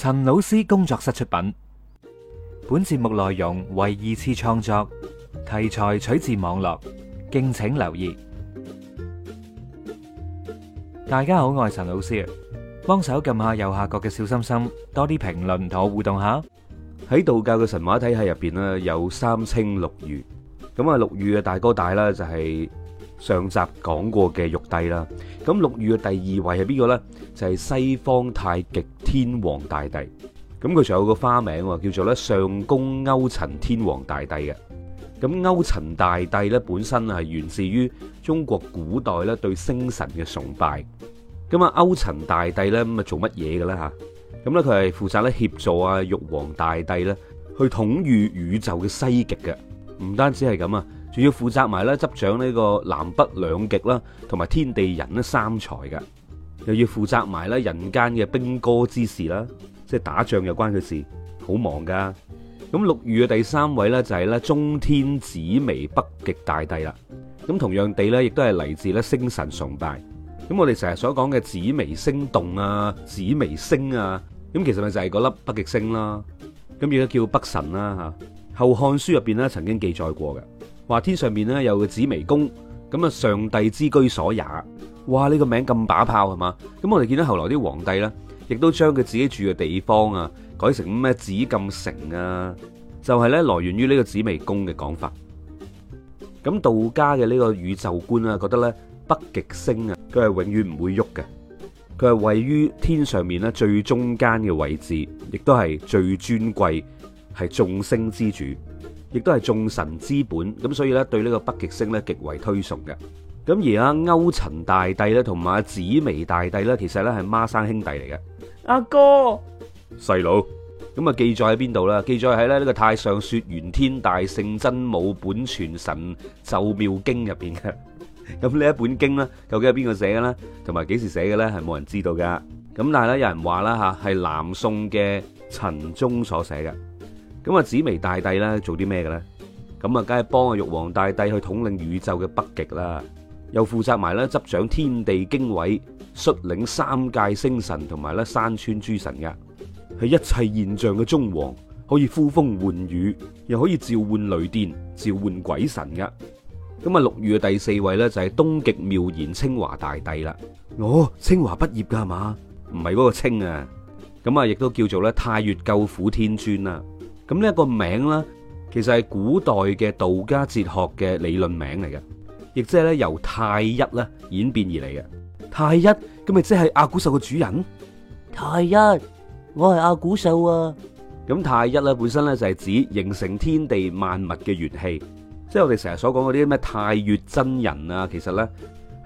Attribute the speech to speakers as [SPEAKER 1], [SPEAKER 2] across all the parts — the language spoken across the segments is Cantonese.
[SPEAKER 1] 陳老師工作室出品，本節目內容為二次創作，題材取自網絡，敬請留意。大家好，我係陳老師，幫手撳下右下角嘅小心心，多啲評論同我互動下。喺道教嘅神話體系入邊咧，有三清六御，咁啊六御嘅大哥大啦，就係，就係。上集講過嘅玉帝啦，咁六御嘅第二位係邊個呢？就係、是、西方太極天皇大帝，咁佢仲有一個花名喎，叫做咧上宮勾陳天皇大帝嘅。咁勾陳大帝咧，本身係源自於中國古代咧對星神嘅崇拜。咁啊勾陳大帝咧，咁啊做乜嘢嘅咧嚇？咁咧佢係負責咧協助啊玉皇大帝咧去統御宇宙嘅西極嘅，唔單止係咁啊。仲要負責埋咧執掌呢個南北兩極啦，同埋天地人三才噶，又要負責埋咧人間嘅兵戈之事啦，即打仗有關嘅事，好忙噶。咁六御嘅第三位咧就係咧中天紫微北極大帝啦。咁同樣地咧，亦都係嚟自咧星神崇拜。咁我哋成日所講嘅紫微星洞啊、紫微星啊，咁其實咪就係嗰粒北極星啦。咁而家叫北辰啦嚇。後漢書入邊咧曾經記載過嘅。話天上面咧有個紫微宮，咁啊上帝之居所也。哇！呢個名咁把炮係嘛？咁我哋見到後來啲皇帝咧，亦都將佢自己住嘅地方啊，改成咩紫禁城啊，就係咧來源於呢個紫微宮嘅講法。咁道家嘅呢個宇宙觀啊，覺得咧北極星啊，佢係永遠唔會喐嘅，佢係位於天上面咧最中間嘅位置，亦都係最尊貴，係眾星之主。亦都係眾神之本，咁所以咧對呢個北極星咧極為推崇嘅。咁而阿歐陳大帝咧同埋阿紫微大帝咧，其實咧係孖生兄弟嚟嘅。阿哥，哥，細佬。咁啊，記載喺邊度啦？記載喺咧呢個《太上說元天大聖真武本傳神咒妙經》入邊嘅。咁呢一本經呢，究竟係邊個寫嘅咧？同埋幾時寫嘅咧？係冇人知道噶。咁但係咧，有人話啦吓，係南宋嘅陳忠所寫嘅。咁啊，紫微大帝啦，做啲咩嘅咧？咁啊，梗係幫啊玉皇大帝去統領宇宙嘅北極啦，又負責埋咧執掌天地經緯，率領三界星神同埋咧山川諸神嘅，係一切現象嘅中王，可以呼風喚雨，又可以召喚雷電、召喚鬼神嘅。咁啊，六御嘅第四位咧就係東極妙言清華大帝啦。哦，清華畢業噶係嘛？唔係嗰個清啊。咁啊，亦都叫做咧太乙救苦天尊啊。咁呢一個名啦，其實係古代嘅道家哲學嘅理論名嚟嘅，亦即係咧由太一咧演變而嚟嘅。太一咁咪即係阿古獸嘅主人。太一，我係阿古獸啊。咁太一咧本身咧就係指形成天地萬物嘅元氣，即係我哋成日所講嗰啲咩太乙真人啊，其實咧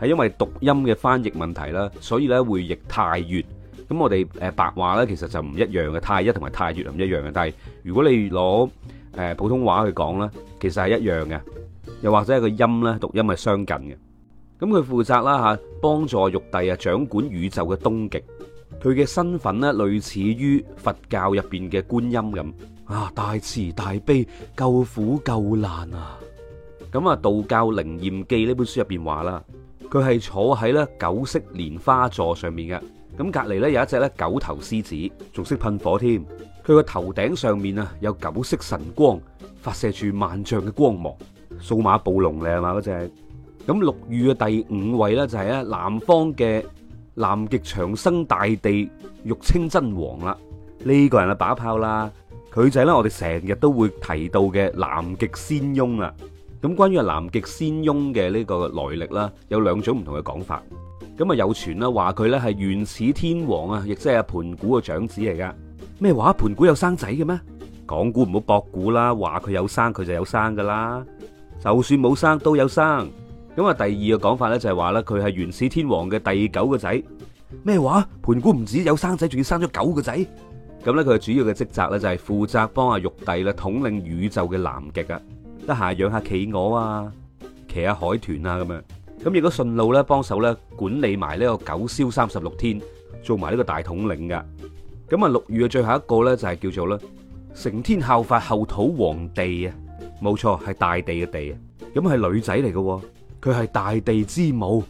[SPEAKER 1] 係因為讀音嘅翻譯問題啦，所以咧會譯太乙。咁我哋誒白話咧，其實就唔一樣嘅，太一同埋太乙唔一樣嘅。但係如果你攞誒普通話去講咧，其實係一樣嘅，又或者係個音咧讀音係相近嘅。咁佢負責啦嚇，幫助玉帝啊掌管宇宙嘅東極。佢嘅身份咧類似於佛教入邊嘅觀音咁啊，大慈大悲，救苦救難啊！咁啊，道教《靈驗記》呢本書入邊話啦，佢係坐喺咧九色蓮花座上面嘅。咁隔籬咧有一隻咧狗頭獅子，仲識噴火添。佢個頭頂上面啊，有九色神光，發射住萬丈嘅光芒。數碼暴龍嚟，係嘛嗰隻？咁六御嘅第五位咧就係咧南方嘅南極長生大帝玉清真王啦。呢、這個人啊把炮啦，佢就係咧我哋成日都會提到嘅南極仙翁啦。咁關於南極仙翁嘅呢個來歷啦，有兩種唔同嘅講法。咁啊，有傳啦，話佢咧係元始天王啊，亦即係盤古嘅長子嚟噶。咩話？盤古有生仔嘅咩？講古唔好博古啦，話佢有生，佢就有生噶啦。就算冇生，都有生。咁啊，第二個講法咧就係話咧，佢係元始天王嘅第九個仔。咩話？盤古唔止有生仔，仲要生咗九個仔。咁咧，佢主要嘅職責咧就係負責幫阿玉帝咧統領宇宙嘅南極啊，得閒養下企鵝啊，騎下海豚啊咁樣。咁亦都順路咧幫手咧管理埋呢個九霄三十六天，做埋呢個大統領噶。咁啊，六御嘅最後一個咧就係叫做咧，承天效法后土皇帝啊，冇錯，係大地嘅地啊，咁係女仔嚟嘅，佢係大地之母，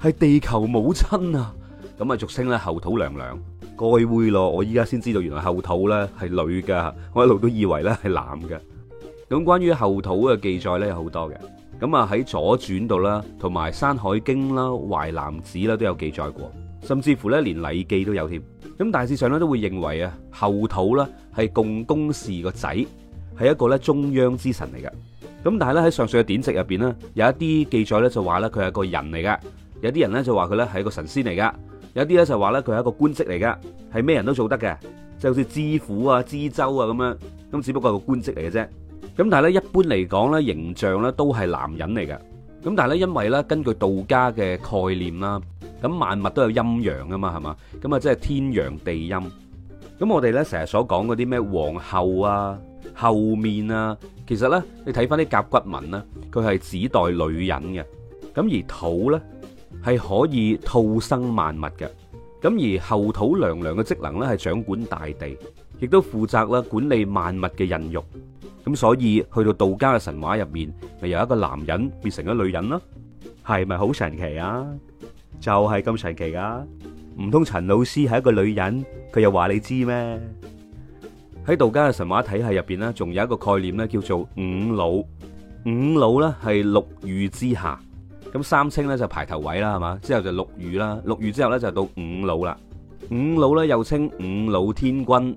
[SPEAKER 1] 係地球母親啊。咁啊，俗稱咧后土娘娘。蓋會咯，我依家先知道，原來后土咧係女噶，我一路都以為咧係男嘅。咁關於后土嘅記載咧有好多嘅。咁啊喺左轉度啦，同埋《山海經》啦、《淮南子》啦都有記載過，甚至乎咧連《禮記》都有添。咁大致上咧都會認為啊，后土啦係共工氏個仔，係一個咧中央之神嚟嘅。咁但係咧喺上述嘅典籍入邊咧，有一啲記載咧就話咧佢係一個人嚟噶，有啲人咧就話佢咧係一個神仙嚟噶，有啲咧就話咧佢係一個官職嚟噶，係咩人都做得嘅，就好似知府啊、知州啊咁樣，咁只不過係個官職嚟嘅啫。咁但係咧，一般嚟講咧，形象咧都係男人嚟嘅。咁但係咧，因為咧，根據道家嘅概念啦，咁萬物都有陰陽啊嘛，係嘛？咁啊，即係天陽地陰。咁我哋咧成日所講嗰啲咩皇后啊、后面啊，其實咧你睇翻啲甲骨文啦，佢係指代女人嘅。咁而土咧係可以吐生萬物嘅。咁而后土娘娘嘅職能咧係掌管大地。亦都負責啦管理萬物嘅孕育，咁所以去到道家嘅神話入面，咪由一個男人變成咗女人囉，係咪好神奇啊？就係咁神奇噶，唔通陳老師係一個女人，佢又話你知咩？喺道家嘅神話體系入邊咧，仲有一個概念咧叫做五老，五老咧係六御之下，咁三清咧就排頭位啦，係嘛？之後就六御啦，六御之後咧就到五老啦，五老咧又稱五老天君。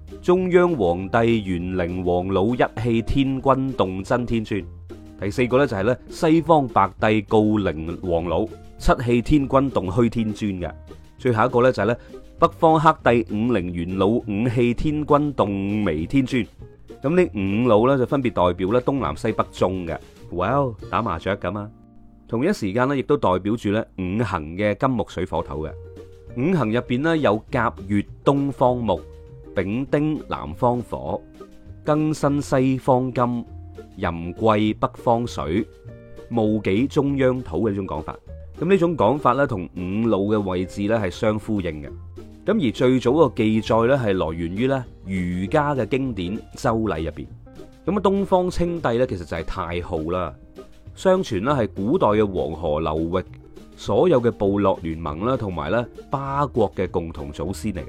[SPEAKER 1] 中央皇帝元靈皇老一氣天君動真天尊。第四個咧就係咧西方白帝告靈皇老七氣天君動虛天尊嘅，最後一個咧就係咧北方黑帝五靈元老五氣天君動微天尊，咁呢五老咧就分別代表咧東南西北中嘅，哇，打麻雀咁啊，同一時間咧亦都代表住咧五行嘅金木水火土嘅，五行入邊咧有甲乙東方木。丙丁南方火，庚辛西方金，壬癸北方水，戊己中央土嘅呢種講法。咁呢種講法咧，同五老嘅位置咧係相呼應嘅。咁而最早個記載咧，係來源於咧儒家嘅經典《周禮》入邊。咁啊，東方青帝咧，其實就係太昊啦。相傳咧，係古代嘅黃河流域所有嘅部落聯盟啦，同埋咧巴國嘅共同祖先嚟嘅。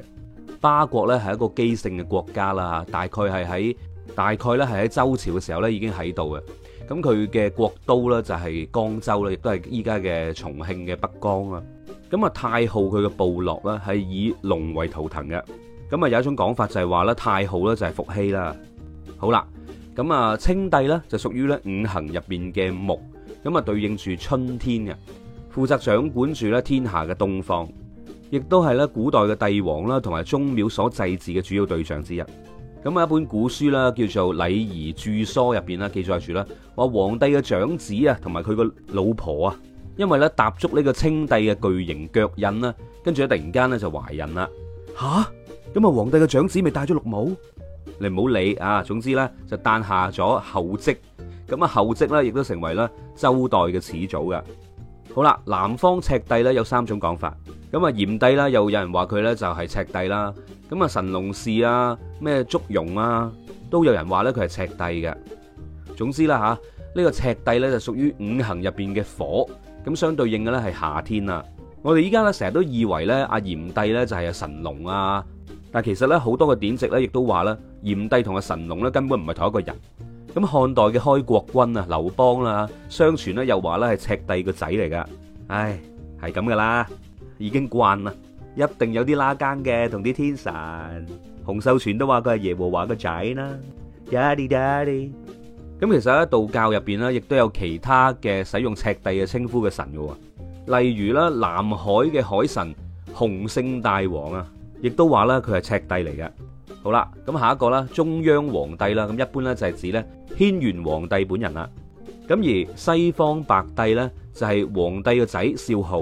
[SPEAKER 1] 巴國咧係一個姬姓嘅國家啦，大概係喺大概咧係喺周朝嘅時候咧已經喺度嘅，咁佢嘅國都咧就係江州啦，亦都係依家嘅重慶嘅北江啊。咁啊，太昊佢嘅部落咧係以龍為圖騰嘅，咁啊有一種講法就係話咧太昊咧就係伏羲啦。好啦，咁啊，清帝咧就屬於咧五行入邊嘅木，咁啊對應住春天嘅，負責掌管住咧天下嘅東方。亦都係咧古代嘅帝王啦，同埋宗廟所祭祀嘅主要對象之一。咁啊，一本古書啦，叫做《禮儀注疏》入邊啦，記載住啦，話皇帝嘅長子啊，同埋佢個老婆啊，因為咧踏足呢個清帝嘅巨型腳印啦，跟住咧突然間咧就懷孕啦。吓，咁啊皇帝嘅長子咪戴咗綠帽？你唔好理啊，總之咧就誕下咗后稷，咁啊后稷咧亦都成為咧周代嘅始祖噶。好啦，南方赤帝咧有三種講法，咁啊炎帝啦，又有人話佢咧就係赤帝啦，咁啊神農氏啊，咩祝融啊，都有人話咧佢係赤帝嘅。總之啦吓，呢個赤帝咧就屬於五行入邊嘅火，咁相對應嘅咧係夏天啊。我哋依家咧成日都以為咧阿炎帝咧就係阿神農啊，但其實咧好多嘅典籍咧亦都話呢炎帝同阿神農咧根本唔係同一個人。咁漢代嘅開國君啊，劉邦啦，相傳咧又話咧係赤帝個仔嚟噶，唉，係咁噶啦，已經慣啦，一定有啲拉更嘅同啲天神，洪秀全都話佢係耶和華個仔啦，Daddy Daddy。咁其實喺道教入邊咧，亦都有其他嘅使用赤帝嘅稱呼嘅神噶喎，例如啦，南海嘅海神洪聖大王啊，亦都話咧佢係赤帝嚟噶。好啦，咁下一個啦，中央皇帝啦，咁一般咧就係指咧軒轅皇帝本人啦。咁而西方白帝咧就係皇帝嘅仔少昊，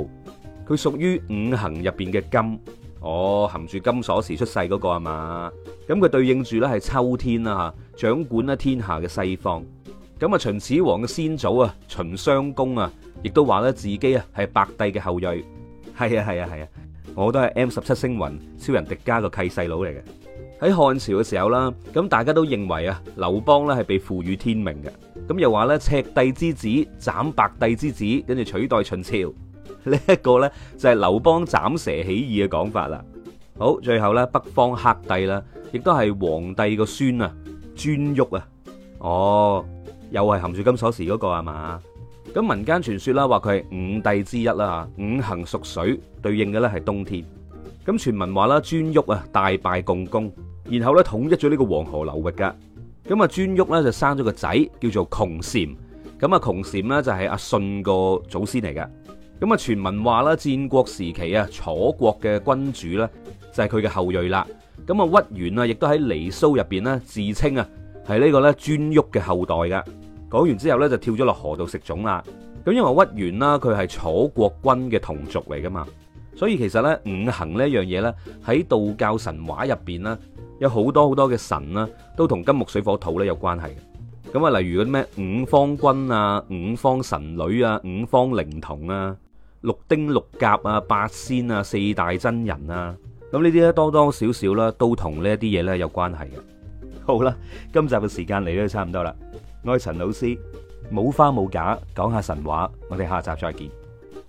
[SPEAKER 1] 佢屬於五行入邊嘅金，哦含住金鎖匙出世嗰個啊嘛。咁佢對應住咧係秋天啦吓，掌管咧天下嘅西方。咁啊秦始皇嘅先祖啊秦襄公啊，亦都話咧自己啊係白帝嘅後裔。係啊係啊係啊，我都係 M 十七星雲超人迪迦嘅契細佬嚟嘅。喺漢朝嘅時候啦，咁大家都認為啊，劉邦咧係被賦予天命嘅，咁又話咧赤帝之子斬白帝之子，跟住取代秦朝，呢一個咧就係劉邦斬蛇起義嘅講法啦。好，最後咧北方黑帝啦，亦都係黃帝個孫啊，顓頊啊，哦，又係含住金鎖匙嗰個係嘛？咁民間傳說啦話佢係五帝之一啦，五行屬水，對應嘅咧係冬天。咁傳聞話啦，顓頊啊大敗共工。然後咧，統一咗呢個黃河流域噶，咁啊，顓頊咧就生咗個仔叫做窮蟬，咁啊，窮蟬呢，就係阿舜個祖先嚟噶，咁啊，傳聞話啦，戰國時期啊，楚國嘅君主咧就係佢嘅後裔啦，咁啊，屈原啊，亦都喺離騷入邊咧自稱啊係呢個咧顓頊嘅後代噶，講完之後咧就跳咗落河度食粽啦，咁因為屈原啦佢係楚國君嘅同族嚟噶嘛，所以其實咧五行呢一樣嘢咧喺道教神話入邊咧。有好多好多嘅神啦，都同金木水火土咧有關係嘅。咁啊，例如啲咩五方君啊、五方神女啊、五方靈童啊、六丁六甲啊、八仙啊、四大真人啊，咁呢啲咧多多少少啦，都同呢一啲嘢咧有關係嘅。好啦，今集嘅時間嚟到差唔多啦，我係陳老師，冇花冇假講一下神話，我哋下集再見。